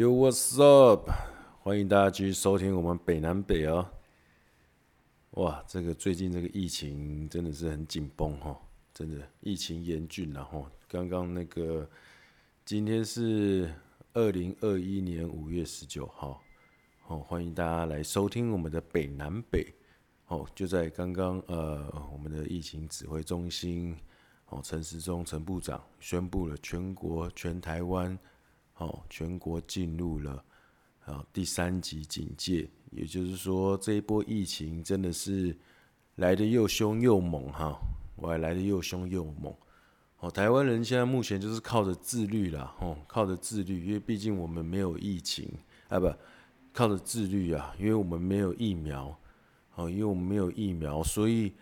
Yo, what's up？歡迎大家繼續收聽我們北南北哦。哇，這個最近這個疫情真的是很緊繃哈，哦，真的疫情嚴峻，然後，哦，剛剛那個，今天是二零二一年五月十九號，哦，歡迎大家來收聽我們的北南北。哦，就在剛剛，呃，我們的疫情指揮中心，哦，陳時中陳部長宣布了全國全台灣。哦，全國進入了啊、哦、第三級警戒，也就是說，這一波疫情真的是來得又兇又猛哈，我也來來得又兇又猛。哦，台灣人現在目前就是靠着自律啦，吼、哦，靠着自律，因為畢竟我們沒有疫情啊，不，靠着自律啊，因為我們沒有疫苗，哦，因為我們沒有疫苗，所以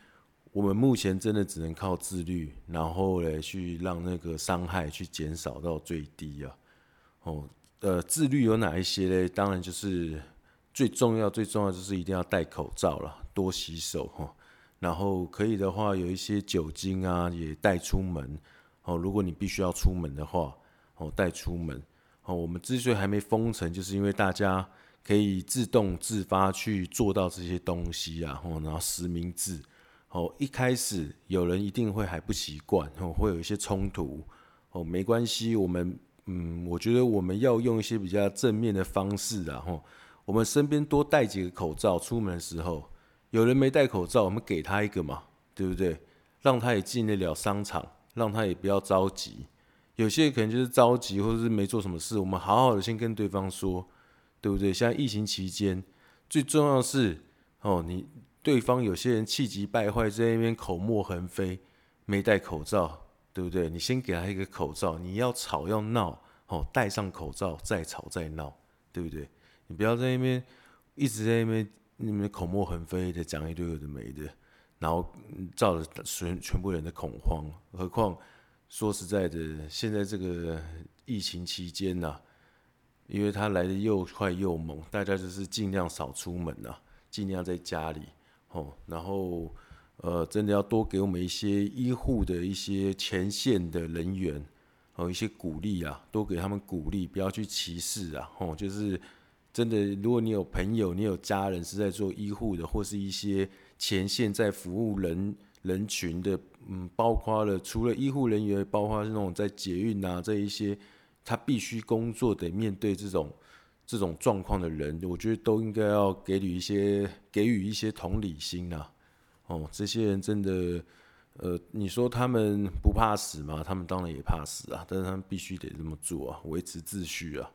我們目前真的只能靠自律，然後呢去讓那個傷害去減少到最低啊。哦，呃，自律有哪一些呢？當然就是最重要、最重要就是一定要戴口罩啦，多洗手。哦，然後可以的話，有一些酒精啊也帶出門。哦，如果你必須要出門的話，哦帶出門。哦，我們之所以還沒封城，就是因為大家可以自動自發去做到這些東西啊。哦，然後實名制。哦，一開始有人一定會還不習慣，哦，會有一些衝突。哦，沒關係，我們。嗯，我覺得我們要用一些比較正面的方式啊，吼，我們身邊多戴幾個口罩，出門的時候有人沒戴口罩，我們給他一個嘛，對不對？讓他也進得了商場，讓他也不要着急。有些人可能就是着急，或者是沒做什麼事，我們好好的先跟對方說，對不對？像疫情期間，最重要的是哦，你對方有些人氣急敗壞，在那邊口沫橫飛，沒戴口罩。對不對？你先給他一個口罩，你要吵要鬧，哦，戴上口罩再吵再鬧，對不對？你不要在那邊一直在那邊那邊口沫橫飛的講一堆有的沒的，然後嗯，造了全全部人的恐慌。何況說實在的，現在這個疫情期間吶、啊，因為他來的又快又猛，大家就是儘量少出門吶、啊，儘量在家裡哦，然後。呃，真的要多給我們一些醫護的一些前線的人員，和、呃、一些鼓勵啊，多給他們鼓勵，不要去歧視啊，吼，就是真的，如果你有朋友，你有家人是在做醫護的，或是一些前線在服務人人群的，嗯，包括了除了醫護人員，包括是那種在捷運吶、啊、這一些，他必須工作得面對這種這種狀況的人，我覺得都應該要給予一些給予一些同理心啊。哦，這些人真的，呃，你說他們不怕死嗎？他們當然也怕死啊，但是他們必須得這麼做啊，維持秩序啊，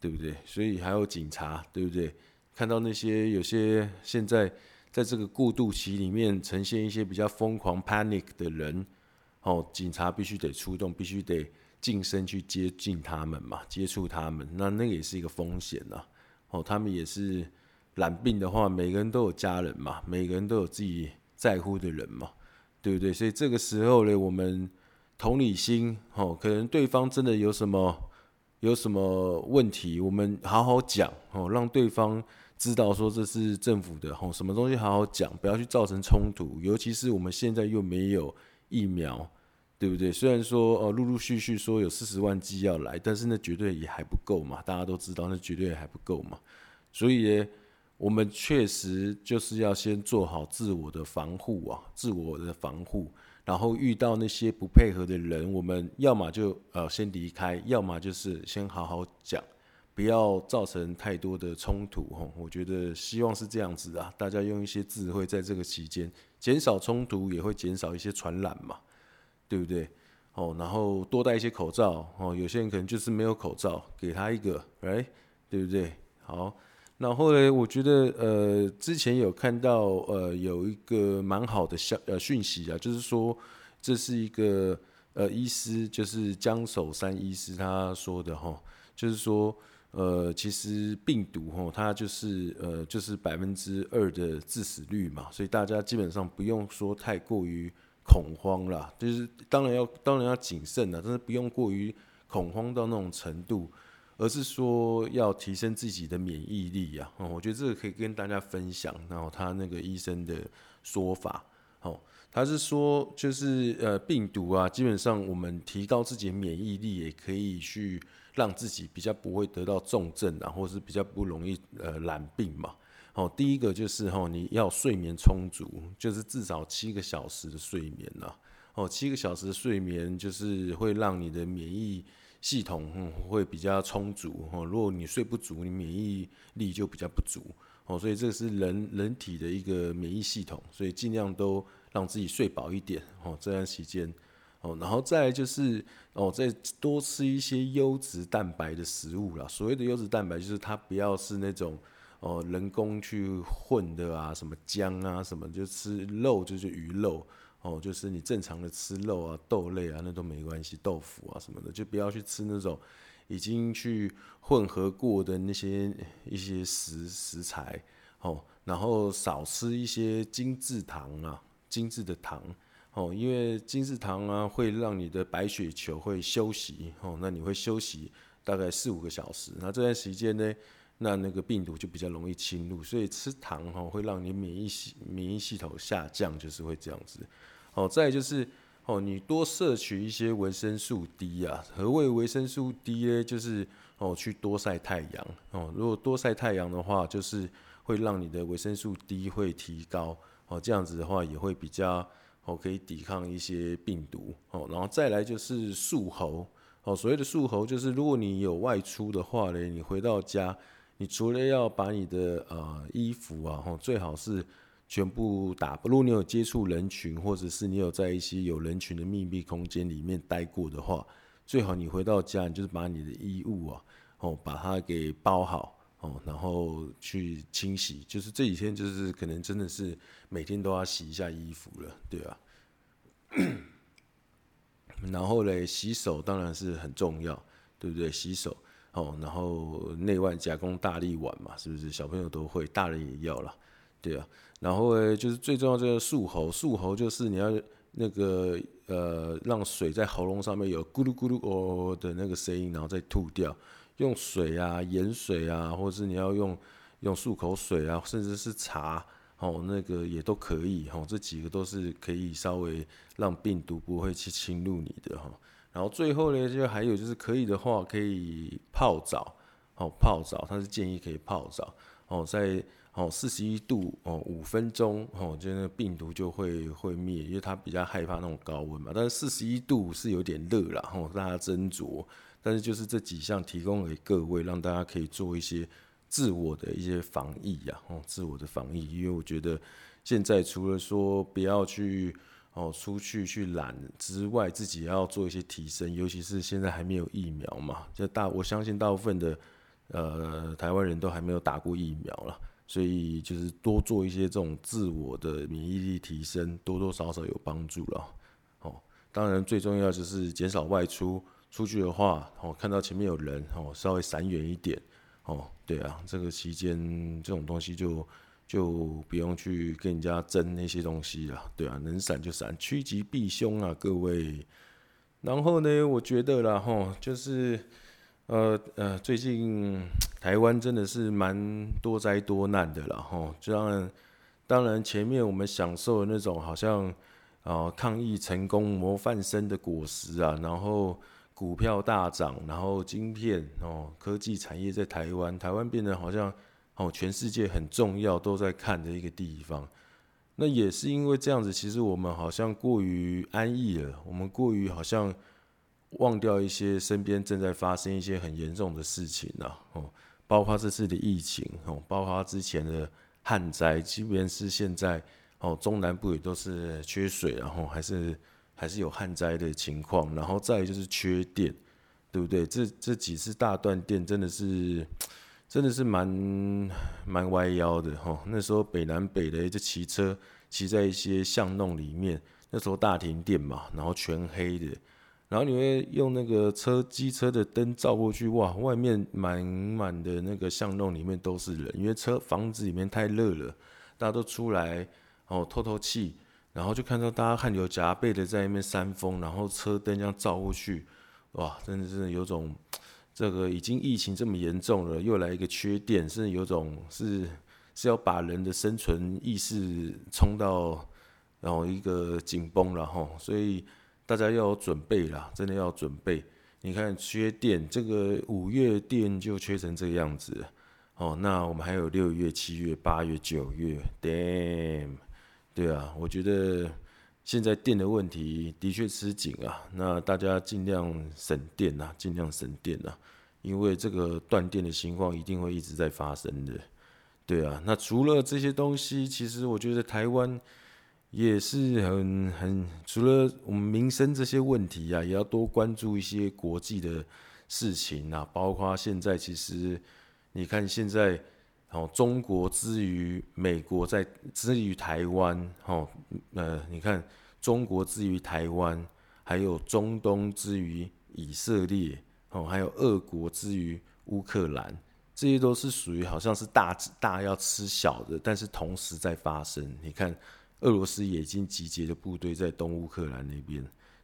對不對？所以還有警察，對不對？看到那些有些現在在這個過渡期裡面呈現一些比較瘋狂 panic 的人，哦，警察必須得出動，必須得近身去接近他們嘛，接觸他們。那那也是一個風險吶、啊。哦，他們也是染病的話，每個人都有家人嘛，每個人都有自己。在乎的人嘛，對不對？所以這個時候呢，我們同理心哦，可能對方真的有什麼有什麼問題，我們好好講哦，讓對方知道說這是政府的哦，什麼東西好好講，不要去造成衝突。尤其是我們現在又沒有疫苗，對不對？雖然說呃，陸陸續續說有四十萬劑要來，但是那絕對也還不夠嘛，大家都知道，那絕對還不夠嘛，所以。我們確實就是要先做好自我的防護啊，自我的防護。然後遇到那些不配合的人，我們要麼就呃先離開，要麼就是先好好講，不要造成太多的衝突。吼、哦，我覺得希望是這樣子啊，大家用一些智慧，在這個期間減少衝突，也會減少一些傳染嘛，對不對？哦，然後多戴一些口罩哦，有些人可能就是沒有口罩，給他一個，誒，對不對？好。然後咧，我覺得呃，之前有看到呃，有一個蠻好的消呃訊息啊，就是說這是一個呃醫師，就是江守山醫師他說的哈、哦，就是說呃，其實病毒吼、哦，它就是呃，就是百分之二的致死率嘛，所以大家基本上不用說太過於恐慌啦，就是當然要當然要謹慎啦，但是不用過於恐慌到那種程度。而是說要提升自己的免疫力啊！哦，我覺得這個可以跟大家分享。然後他那個醫生的說法，哦，他是說就是呃，病毒啊，基本上我們提高自己的免疫力，也可以去讓自己比較不會得到重症，然後是比較不容易呃染病嘛。哦，第一個就是哦，你要睡眠充足，就是至少七個小時的睡眠啊。哦，七個小時的睡眠就是會讓你的免疫。系統會比較充足，如果你睡不足，你免疫力就比較不足。所以這個是人人體的一個免疫系統，所以盡量都讓自己睡飽一點，這段時間。然後再來就是，再多吃一些優質蛋白的食物，所謂的優質蛋白，就是它不要是那種人工去混的啊，什麼漿啊，什麼就吃肉就是魚肉。哦，就是你正常的吃肉啊、豆類啊，那都沒關係。豆腐啊什麼的，就不要去吃那種已經去混合過的那些一些食食材。哦，然後少吃一些精致糖啊，精致的糖。哦，因為精致糖啊會讓你的白血球會休息。哦，那你會休息大概四五個小時。那這段時間呢，那那個病毒就比較容易侵入。所以吃糖哈、啊、會讓你免疫系免疫系統下降，就是會這樣子。哦，再就是，哦，你多攝取一些維生素 D 啊。何謂維生素 D 呢？就是哦，去多曬太陽。哦，如果多曬太陽的話，就是會讓你的維生素 D 會提高。哦，這樣子的話也會比較哦，可以抵抗一些病毒。哦，然後再來就是漱喉。哦，所謂的漱喉就是，如果你有外出的話呢，你回到家，你除了要把你的啊、呃、衣服啊，哦，最好是。全部打，如果你有接觸人群，或者是你有在一些有人群的密閉空間裡面待過的話，最好你回到家，你就是把你的衣物啊，哦，把它給包好，哦，然後去清洗。就是這幾天，就是可能真的是每天都要洗一下衣服了，對啊。然後嘞，洗手當然是很重要，對不對？洗手哦，然後內外夾弓大立腕嘛，是不是？小朋友都會，大人也要了，對啊。然後誒，就是最重要就是漱喉，漱喉就是你要那個呃，讓水在喉嚨上面有咕嚕咕嚕哦的那個聲音，然後再吐掉，用水啊、鹽水啊，或者是你要用用漱口水啊，甚至是茶哦，那個也都可以哈、哦，這幾個都是可以稍微讓病毒不會去侵入你的哈、哦。然後最後呢，就還有就是可以的話，可以泡澡哦，泡澡，他是建議可以泡澡哦，在。哦，四十一度哦，五分鐘哦，就那病毒就會會滅，因為他比較害怕那種高溫嘛。但是四十一度是有點熱啦，吼、哦，大家斟酌。但是就是這幾項提供給各位，讓大家可以做一些自我的一些防疫呀、啊，哦，自我的防疫。因為我覺得現在除了說不要去哦出去去懶之外，自己也要做一些提升，尤其是現在還沒有疫苗嘛，就大我相信大部分的呃台灣人都還沒有打過疫苗了。所以就是多做一些這種自我的免疫力提升，多多少少有幫助了。哦，當然最重要就是減少外出，出去的話哦，看到前面有人哦，稍微閃遠一點。哦，對啊，這個期間這種東西就就不用去跟人家爭那些東西了。對啊，能閃就閃，趨吉避凶啊，各位。然後呢，我覺得啦，吼、哦，就是。呃呃，最近台灣真的是蠻多災多難的了吼。就當然，當然前面我們享受的那種好像啊、呃、抗疫成功模範生的果實啊，然後股票大漲，然後晶片哦科技產業在台灣，台灣變得好像哦全世界很重要都在看的一個地方。那也是因為這樣子，其實我們好像過於安逸了，我們過於好像。忘掉一些身邊正在發生一些很嚴重的事情啊，哦，包括這次的疫情，哦，包括之前的旱災，即便是現在，哦，中南部也都是缺水啊，哦，然後還是還是有旱災的情況，然後再就是缺電，對不對？這這幾次大斷電真的是真的是蠻蠻歪腰的哈、哦。那時候北南北的就騎車騎在一些巷弄裡面，那時候大停電嘛，然後全黑的。然後你會用那個車機車的燈照過去，哇，外面滿滿的那個巷弄裡面都是人，因為車房子裡面太熱了，大家都出來，然後透透氣，然後就看到大家汗流浹背的在那邊扇風，然後車燈這樣照過去，哇，真的是有種這個已經疫情這麼嚴重了，又來一個缺電，是有種是是要把人的生存意識衝到，然後一個緊繃，然後所以。大家要有準備啦，真的要準備。你看缺電，這個五月電就缺成這個樣子，哦，那我們還有六月、七月、八月、九月，damn，對啊，我覺得現在電的問題的確吃緊啊。那大家盡量省電吶，盡量省電吶，因為這個斷電的情況一定會一直在發生的。對啊，那除了這些東西，其實我覺得台灣。也是很很除了我們民生這些問題啊，也要多關注一些國際的事情啊。包括現在其實，你看現在哦，中國之於美國在，在之於台灣，哦，呃，你看中國之於台灣，還有中東之於以色列，哦，還有俄國之於烏克蘭，這些都是屬於好像是大大要吃小的，但是同時在發生，你看。俄羅斯也已經集結的部隊在東烏克蘭那邊，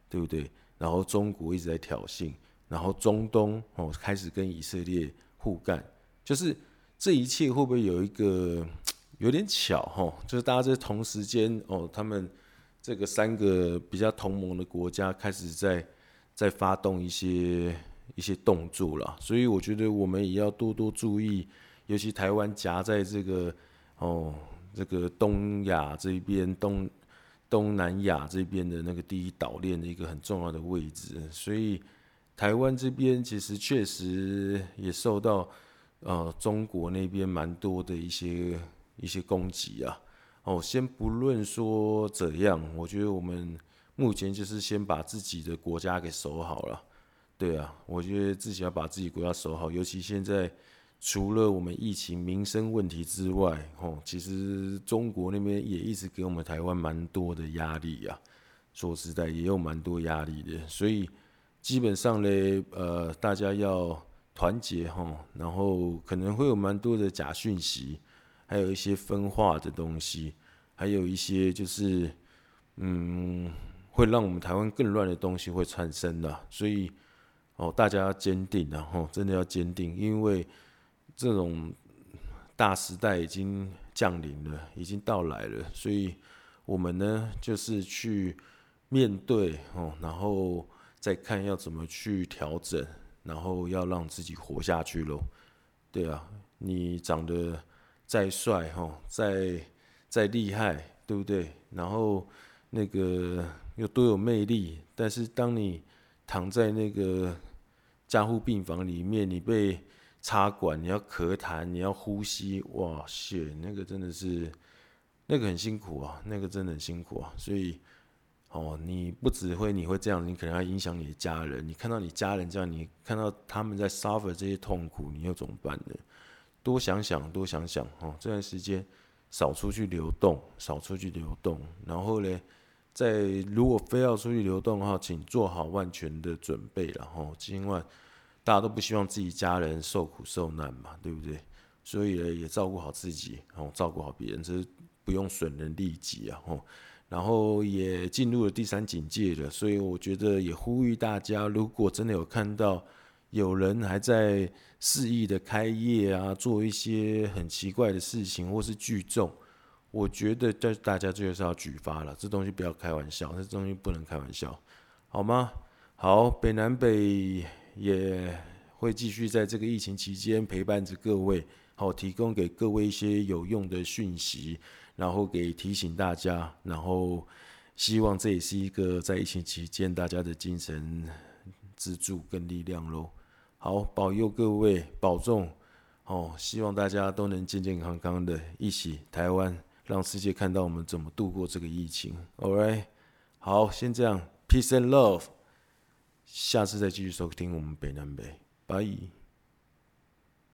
對不對？然後中國一直在挑釁，然後中東哦開始跟以色列互幹，就是這一切會不會有一個有點巧哈哦？就是大家在同時間哦，他們這個三個比較同盟的國家開始在在發動一些一些動作了，所以我覺得我們也要多多注意，尤其台灣夾在這個哦。這個東亞這邊，東東南亞這邊的那個第一島鏈的一個很重要的位置，所以台灣這邊其實確實也受到呃中國那邊蠻多的一些一些攻擊啊。哦，先不論說怎樣，我覺得我們目前就是先把自己的國家給守好了。對啊，我覺得自己要把自己的國家守好，尤其現在。除了我們疫情民生問題之外，吼，其實中國那邊也一直給我們台灣蠻多的壓力啊，說實在也有蠻多壓力的，所以基本上嘞，呃，大家要團結哈，然後可能會有蠻多的假訊息，還有一些分化的東西，還有一些就是嗯，會讓我們台灣更亂的東西會產生的，所以哦，大家要堅定啊，吼，真的要堅定，因為。這種大時代已經降臨了，已經到來了，所以我們呢，就是去面對哦，然後再看要怎麼去調整，然後要讓自己活下去嘍。對啊，你長得再帥哦，再再厲害，對不對？然後那個又多有魅力，但是當你躺在那個加護病房裡面，你被插管，你要咳痰，你要呼吸，哇塞，那個真的是，那個很辛苦啊，那個真的很辛苦啊。所以，哦，你不只會你會這樣，你可能要影響你的家人。你看到你家人這樣，你看到他們在 suffer 這些痛苦，你又怎麼辦呢？多想想，多想想。哦，這段時間少出去流動，少出去流動。然後呢，在如果非要出去流動的話，請做好萬全的準備。然後，哦，今晚。大家都不希望自己家人受苦受難嘛，對不對？所以也照顧好自己，然後照顧好別人，這是不用損人利己啊，然後也進入了第三警戒了，所以我覺得也呼籲大家，如果真的有看到有人還在肆意的開業啊，做一些很奇怪的事情，或是聚眾，我覺得大大家就是要舉發了，這東西不要開玩笑，這東西不能開玩笑，好嗎？好，北南北。也會繼續在這個疫情期間陪伴着各位，好提供給各位一些有用的訊息，然後給提醒大家，然後希望這也是一個在疫情期間大家的精神支柱跟力量嘍。好，保佑各位保重哦，希望大家都能健健康康的，一起台灣，讓世界看到我們怎麼度過這個疫情。All right，好，先這樣，Peace and love。下次再繼續收聽我們北南北，拜拜。